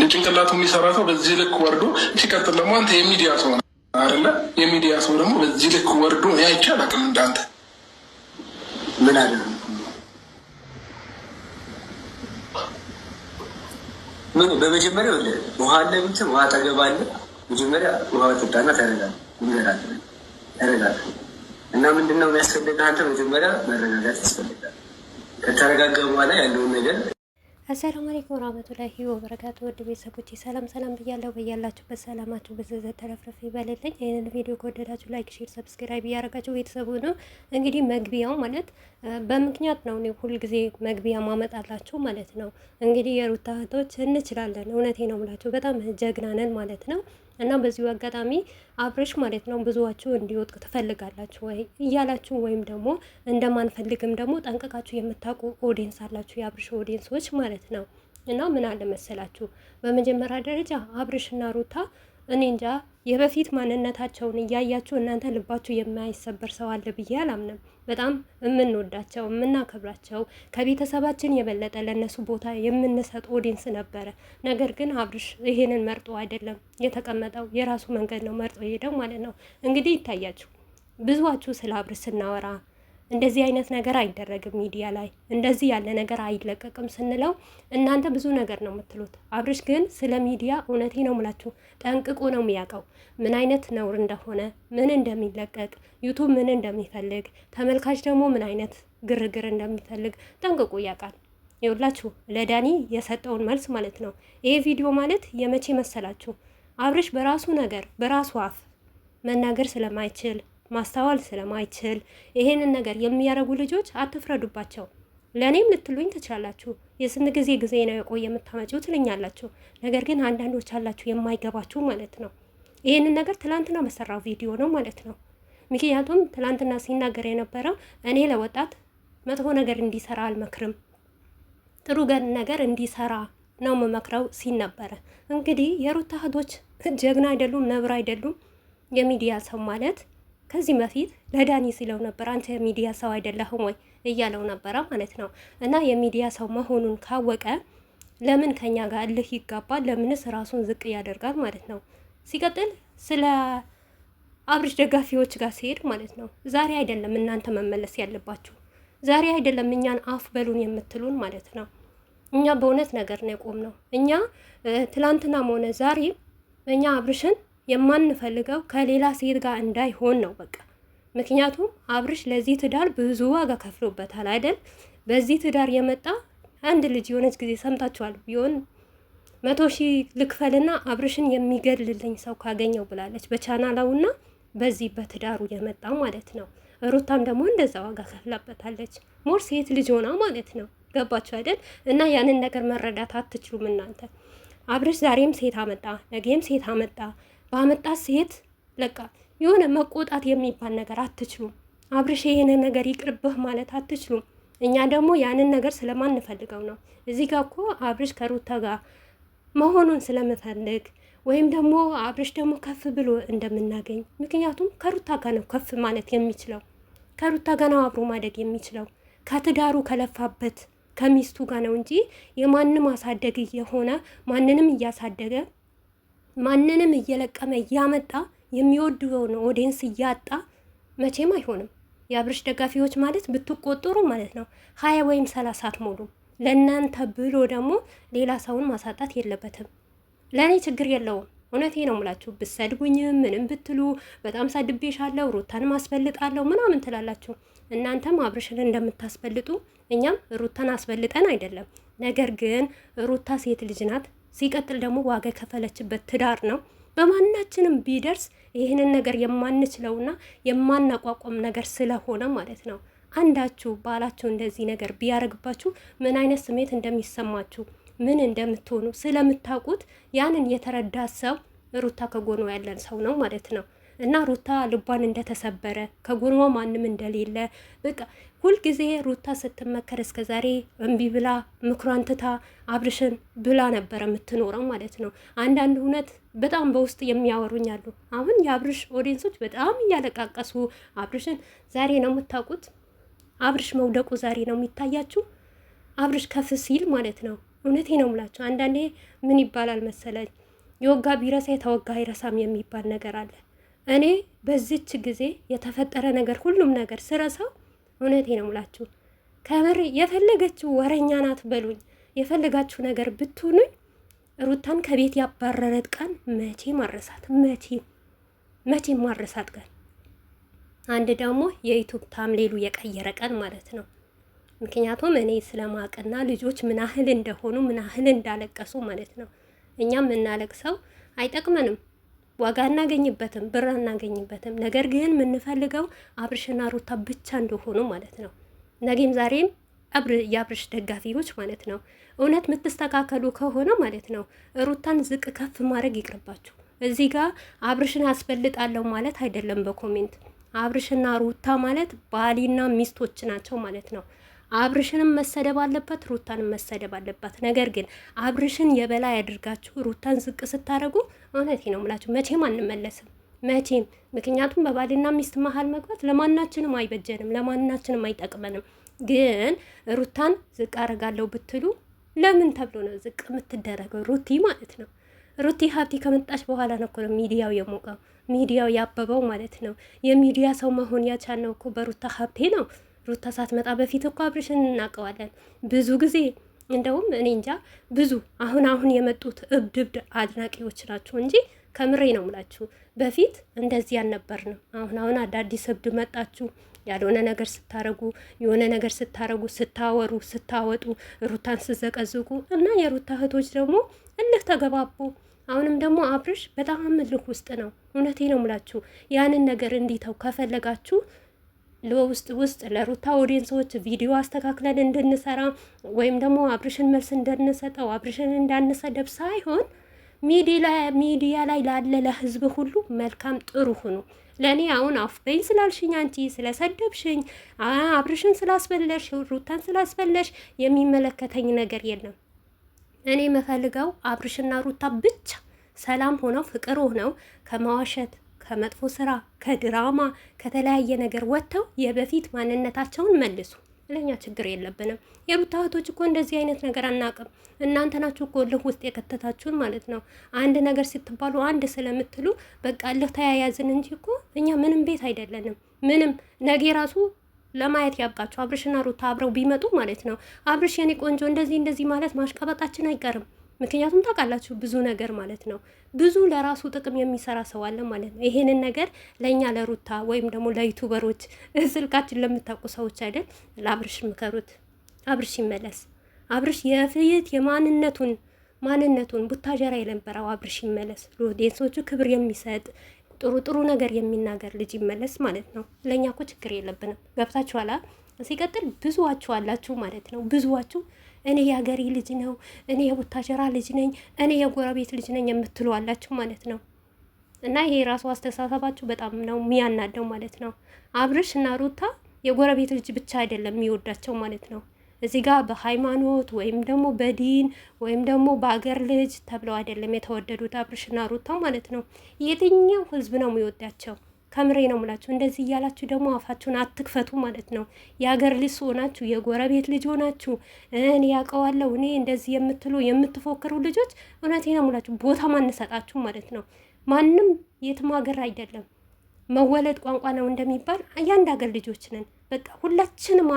ለጭንቅላቱ የሚሰራ ሰው በዚህ ልክ ወርዶ ሲቀጥል ደግሞ አንተ የሚዲያ ሰው ነው አይደለ? የሚዲያ ሰው ደግሞ በዚህ ልክ ወርዶ ያይቻ ይቻል እንዳንተ ምን አለ ምን በመጀመሪያ ውሃ አለ እንትን ውሃ ጠገብ አለ። መጀመሪያ ውሃ ጠጣና ተረጋጋ፣ ተረጋጋ እና ምንድነው የሚያስፈልግህ አንተ መጀመሪያ መረጋጋት ያስፈልጋል። ከተረጋጋ በኋላ ያለውን ነገር አሰላሙ አለይኩም ወራህመቱላሂ ወበረካቱ ውድ ቤተሰቦቼ ሰላም ሰላም ብያለሁ። በያላችሁበት ሰላማችሁ በዘዘት ተረፍረፍ ይበልልኝ። ይህንን ቪዲዮ ከወደዳችሁ ላይክ፣ ሼር፣ ሰብስክራይብ እያደረጋችሁ ቤተሰቡ ነው። እንግዲህ መግቢያው ማለት በምክንያት ነው። እኔ ሁልጊዜ መግቢያ ማመጣላችሁ ማለት ነው። እንግዲህ የሩታ እህቶች እንችላለን፣ እውነቴ ነው ብላችሁ በጣም ጀግና ነን ማለት ነው። እና በዚሁ አጋጣሚ አብርሽ ማለት ነው ብዙዋቸው እንዲወጡ ትፈልጋላችሁ ወይ እያላችሁ ወይም ደግሞ እንደማንፈልግም ደግሞ ጠንቀቃችሁ የምታውቁ ኦዲየንስ አላችሁ የአብርሽ ኦዲየንሶች ማለት ነው። እና ምን አለ መሰላችሁ በመጀመሪያ ደረጃ አብርሽና ሩታ እኔ እንጃ የበፊት ማንነታቸውን እያያችሁ እናንተ ልባችሁ የማይሰበር ሰው አለ ብዬ አላምንም። በጣም የምንወዳቸው የምናከብራቸው፣ ከቤተሰባችን የበለጠ ለእነሱ ቦታ የምንሰጥ ኦዲንስ ነበረ። ነገር ግን አብርሽ ይሄንን መርጦ አይደለም የተቀመጠው፣ የራሱ መንገድ ነው መርጦ ሄደው ማለት ነው። እንግዲህ ይታያችሁ ብዙዋችሁ ስለ አብርሽ ስናወራ እንደዚህ አይነት ነገር አይደረግም፣ ሚዲያ ላይ እንደዚህ ያለ ነገር አይለቀቅም ስንለው እናንተ ብዙ ነገር ነው የምትሉት። አብርሽ ግን ስለ ሚዲያ እውነቴ ነው ምላችሁ ጠንቅቆ ነው የሚያውቀው ምን አይነት ነውር እንደሆነ፣ ምን እንደሚለቀቅ፣ ዩቱብ ምን እንደሚፈልግ፣ ተመልካች ደግሞ ምን አይነት ግርግር እንደሚፈልግ ጠንቅቆ ያውቃል። ይኸውላችሁ ለዳኒ የሰጠውን መልስ ማለት ነው። ይሄ ቪዲዮ ማለት የመቼ መሰላችሁ አብርሽ በራሱ ነገር በራሱ አፍ መናገር ስለማይችል ማስተዋል ስለማይችል ይሄንን ነገር የሚያደርጉ ልጆች አትፍረዱባቸው። ለእኔም ልትሉኝ ትችላላችሁ። የስንት ጊዜ ጊዜ ነው የቆየ የምታመጪው ትልኛላችሁ። ነገር ግን አንዳንዶች አላችሁ የማይገባችሁ ማለት ነው። ይህንን ነገር ትላንትና በሰራው ቪዲዮ ነው ማለት ነው። ምክንያቱም ትላንትና ሲናገር የነበረው እኔ ለወጣት መጥፎ ነገር እንዲሰራ አልመክርም፣ ጥሩ ነገር እንዲሰራ ነው መመክረው ሲል ነበረ። እንግዲህ የሩታ እህቶች ጀግና አይደሉም፣ ነብር አይደሉም። የሚዲያ ሰው ማለት ከዚህ በፊት ለዳኒ ሲለው ነበር፣ አንተ የሚዲያ ሰው አይደለህም ወይ እያለው ነበረ ማለት ነው። እና የሚዲያ ሰው መሆኑን ካወቀ ለምን ከኛ ጋር እልህ ይጋባል? ለምንስ ራሱን ዝቅ ያደርጋል ማለት ነው። ሲቀጥል ስለ አብርሽ ደጋፊዎች ጋር ሲሄድ ማለት ነው፣ ዛሬ አይደለም እናንተ መመለስ ያለባችሁ፣ ዛሬ አይደለም እኛን አፍ በሉን የምትሉን ማለት ነው። እኛ በእውነት ነገር ነው የቆም ነው። እኛ ትላንትናም ሆነ ዛሬ እኛ አብርሽን የማንፈልገው ከሌላ ሴት ጋር እንዳይሆን ነው በቃ። ምክንያቱም አብርሽ ለዚህ ትዳር ብዙ ዋጋ ከፍሎበታል አይደል? በዚህ ትዳር የመጣ አንድ ልጅ የሆነች ጊዜ ሰምታችኋል ቢሆን መቶ ሺህ ልክፈልና አብርሽን የሚገድልልኝ ሰው ካገኘው ብላለች በቻናላውና በዚህ በትዳሩ የመጣ ማለት ነው። ሩታም ደግሞ እንደዛ ዋጋ ከፍላበታለች። ሞር ሴት ልጅ ሆና ማለት ነው። ገባችሁ አይደል? እና ያንን ነገር መረዳት አትችሉም እናንተ። አብርሽ ዛሬም ሴት አመጣ፣ ነገም ሴት አመጣ ባመጣት ሴት ለቃ የሆነ መቆጣት የሚባል ነገር አትችሉም። አብርሽ ይህን ነገር ይቅርብህ ማለት አትችሉም። እኛ ደግሞ ያንን ነገር ስለማንፈልገው ነው። እዚህ ጋር እኮ አብርሽ ከሩታ ጋር መሆኑን ስለምፈልግ ወይም ደግሞ አብርሽ ደግሞ ከፍ ብሎ እንደምናገኝ ምክንያቱም ከሩታ ጋር ነው ከፍ ማለት የሚችለው ከሩታ ጋር ነው አብሮ ማደግ የሚችለው ከትዳሩ ከለፋበት ከሚስቱ ጋር ነው እንጂ የማንም አሳደግ የሆነ ማንንም እያሳደገ ማንንም እየለቀመ እያመጣ የሚወደውን ኦዲየንስ እያጣ መቼም አይሆንም። የአብርሽ ደጋፊዎች ማለት ብትቆጠሩ ማለት ነው ሀያ ወይም ሰላሳ አትሞሉም። ለእናንተ ብሎ ደግሞ ሌላ ሰውን ማሳጣት የለበትም። ለእኔ ችግር የለውም። እውነቴ ነው የምላችሁ። ብትሰድቡኝም ምንም ብትሉ በጣም ሰድቤሻለሁ፣ ሩታን አስበልጣለሁ ምናምን ትላላችሁ። እናንተም አብርሽን እንደምታስበልጡ እኛም ሩታን አስበልጠን አይደለም። ነገር ግን ሩታ ሴት ልጅ ናት። ሲቀጥል ደግሞ ዋጋ የከፈለችበት ትዳር ነው። በማናችንም ቢደርስ ይህንን ነገር የማንችለውና የማናቋቋም ነገር ስለሆነ ማለት ነው። አንዳችሁ ባላችሁ እንደዚህ ነገር ቢያደርግባችሁ ምን አይነት ስሜት እንደሚሰማችሁ ምን እንደምትሆኑ ስለምታውቁት ያንን የተረዳ ሰው ሩታ ከጎኖ ያለን ሰው ነው ማለት ነው። እና ሩታ ልቧን እንደተሰበረ ከጎኗ ማንም እንደሌለ በቃ ሁልጊዜ ሩታ ስትመከር እስከ ዛሬ እምቢ ብላ ምክሯን ትታ አብርሽን ብላ ነበረ የምትኖረው ማለት ነው። አንዳንድ እውነት በጣም በውስጥ የሚያወሩኝ አሉ። አሁን የአብርሽ ኦዲንሶች በጣም እያለቃቀሱ አብርሽን ዛሬ ነው የምታውቁት፣ አብርሽ መውደቁ ዛሬ ነው የሚታያችሁ፣ አብርሽ ከፍ ሲል ማለት ነው። እውነቴ ነው ምላቸው አንዳንዴ ምን ይባላል መሰለኝ የወጋ ቢረሳ የተወጋ አይረሳም የሚባል ነገር አለ። እኔ በዚች ጊዜ የተፈጠረ ነገር ሁሉም ነገር ስረሳው፣ እውነቴ ነው ሙላችሁ ከምር የፈለገችው ወረኛ ናት በሉኝ፣ የፈለጋችሁ ነገር ብትሆኑኝ፣ ሩታን ከቤት ያባረረት ቀን መቼ ማረሳት መቼ መቼ ማረሳት ቀን አንድ ደግሞ የዩቱብ ታምሌሉ የቀየረ ቀን ማለት ነው። ምክንያቱም እኔ ስለማቅና ልጆች ምን እንደሆኑ ምን እንዳለቀሱ ማለት ነው። እኛም የምናለቅሰው አይጠቅመንም ዋጋ አናገኝበትም፣ ብር አናገኝበትም። ነገር ግን የምንፈልገው አብርሽና ሩታ ብቻ እንደሆኑ ማለት ነው። ነገም ዛሬም የአብርሽ ደጋፊዎች ማለት ነው እውነት የምትስተካከሉ ከሆነ ማለት ነው ሩታን ዝቅ ከፍ ማድረግ ይቅርባችሁ። እዚህ ጋር አብርሽን አስፈልጣለሁ ማለት አይደለም። በኮሜንት አብርሽና ሩታ ማለት ባሊና ሚስቶች ናቸው ማለት ነው። አብርሽንም መሰደብ አለበት፣ ሩታንም መሰደብ አለባት። ነገር ግን አብርሽን የበላይ አድርጋችሁ ሩታን ዝቅ ስታደርጉ እውነቴ ነው የምላችሁ መቼም አንመለስም መቼም። ምክንያቱም በባልና ሚስት መሀል መግባት ለማናችንም አይበጀንም፣ ለማናችንም አይጠቅመንም። ግን ሩታን ዝቅ አደርጋለሁ ብትሉ ለምን ተብሎ ነው ዝቅ የምትደረገው? ሩቲ ማለት ነው ሩቲ ሀብቲ ከመጣች በኋላ ነው እኮ ሚዲያው የሞቀው ሚዲያው ያበበው ማለት ነው። የሚዲያ ሰው መሆን ያቻነው እኮ በሩታ ሀብቴ ነው። ሩታ ሳትመጣ በፊት እኮ አብርሽን እናውቀዋለን። ብዙ ጊዜ እንደውም እኔ እንጃ ብዙ አሁን አሁን የመጡት እብድ እብድ አድናቂዎች ናቸው እንጂ ከምሬ ነው ምላችሁ። በፊት እንደዚህ ነው አሁን አሁን አዳዲስ እብድ መጣችሁ። ያልሆነ ነገር ስታረጉ የሆነ ነገር ስታረጉ ስታወሩ ስታወጡ ሩታን ስዘቀዝቁ እና የሩታ እህቶች ደግሞ እልህ ተገባቡ። አሁንም ደግሞ አብርሽ በጣም እልህ ውስጥ ነው። እውነቴ ነው ምላችሁ። ያንን ነገር እንዲተው ከፈለጋችሁ ለውስጥ ውስጥ ለሩታ ኦዲየንሶች ቪዲዮ አስተካክለን እንድንሰራ ወይም ደግሞ አብርሽን መልስ እንድንሰጠው አብርሽን እንዳንሰደብ ሳይሆን ሚዲያ ላይ ላለ ለህዝብ ሁሉ መልካም ጥሩ ሁኑ። ለእኔ አሁን አፍበኝ ስላልሽኝ፣ አንቺ ስለሰደብሽኝ፣ አብርሽን ስላስበለሽ፣ ሩታን ስላስበለሽ የሚመለከተኝ ነገር የለም። እኔ የምፈልገው አብርሽና ሩታ ብቻ ሰላም ሆነው ፍቅር ሆነው ከማዋሸት ከመጥፎ ስራ፣ ከድራማ፣ ከተለያየ ነገር ወጥተው የበፊት ማንነታቸውን መልሱ። ለኛ ችግር የለብንም። የሩታ እህቶች እኮ እንደዚህ አይነት ነገር አናውቅም። እናንተ ናችሁ እኮ ልህ ውስጥ የከተታችሁን ማለት ነው። አንድ ነገር ስትባሉ አንድ ስለምትሉ በቃ ልህ ተያያዝን እንጂ እኮ እኛ ምንም ቤት አይደለንም። ምንም ነገ ራሱ ለማየት ያብቃችሁ። አብርሽና ሩታ አብረው ቢመጡ ማለት ነው። አብርሽ የኔ ቆንጆ እንደዚህ እንደዚህ ማለት ማሽቀበጣችን አይቀርም። ምክንያቱም ታውቃላችሁ ብዙ ነገር ማለት ነው ብዙ ለራሱ ጥቅም የሚሰራ ሰው አለ ማለት ነው። ይሄንን ነገር ለእኛ ለሩታ ወይም ደግሞ ለዩቱበሮች ስልካችን ለምታውቁ ሰዎች አይደል ለአብርሽ ምከሩት። አብርሽ ይመለስ። አብርሽ የፍየት የማንነቱን ማንነቱን ቡታጀራ የነበረው አብርሽ ይመለስ። ሎዴንሶቹ ክብር የሚሰጥ ጥሩ ጥሩ ነገር የሚናገር ልጅ ይመለስ ማለት ነው። ለእኛ እኮ ችግር የለብንም። ገብታችኋላ። ሲቀጥል ብዙዋችሁ አላችሁ ማለት ነው ብዙዋችሁ እኔ የሀገሬ ልጅ ነው፣ እኔ የቡታጀራ ልጅ ነኝ፣ እኔ የጎረቤት ልጅ ነኝ የምትሉ ማለት ነው። እና ይሄ ራሱ አስተሳሰባችሁ በጣም ነው የሚያናደው ማለት ነው። አብርሽ እና ሩታ የጎረቤት ልጅ ብቻ አይደለም የሚወዳቸው ማለት ነው። እዚህ ጋር በሃይማኖት ወይም ደግሞ በዲን ወይም ደግሞ በአገር ልጅ ተብለው አይደለም የተወደዱት አብርሽና ሩታ ማለት ነው። የትኛው ህዝብ ነው የሚወዳቸው? ከምሬ ነው ምላችሁ። እንደዚህ እያላችሁ ደግሞ አፋችሁን አትክፈቱ ማለት ነው። የሀገር ልጅ ሆናችሁ፣ የጎረቤት ልጅ ሆናችሁ እኔ ያውቀዋለሁ እኔ እንደዚህ የምትሉ የምትፎክሩ ልጆች እውነቴ ነው ምላችሁ ቦታ ማንሰጣችሁ ማለት ነው። ማንም የትም ሀገር አይደለም መወለድ ቋንቋ ነው እንደሚባል እያንድ ሀገር ልጆች ነን። በቃ ሁላችንም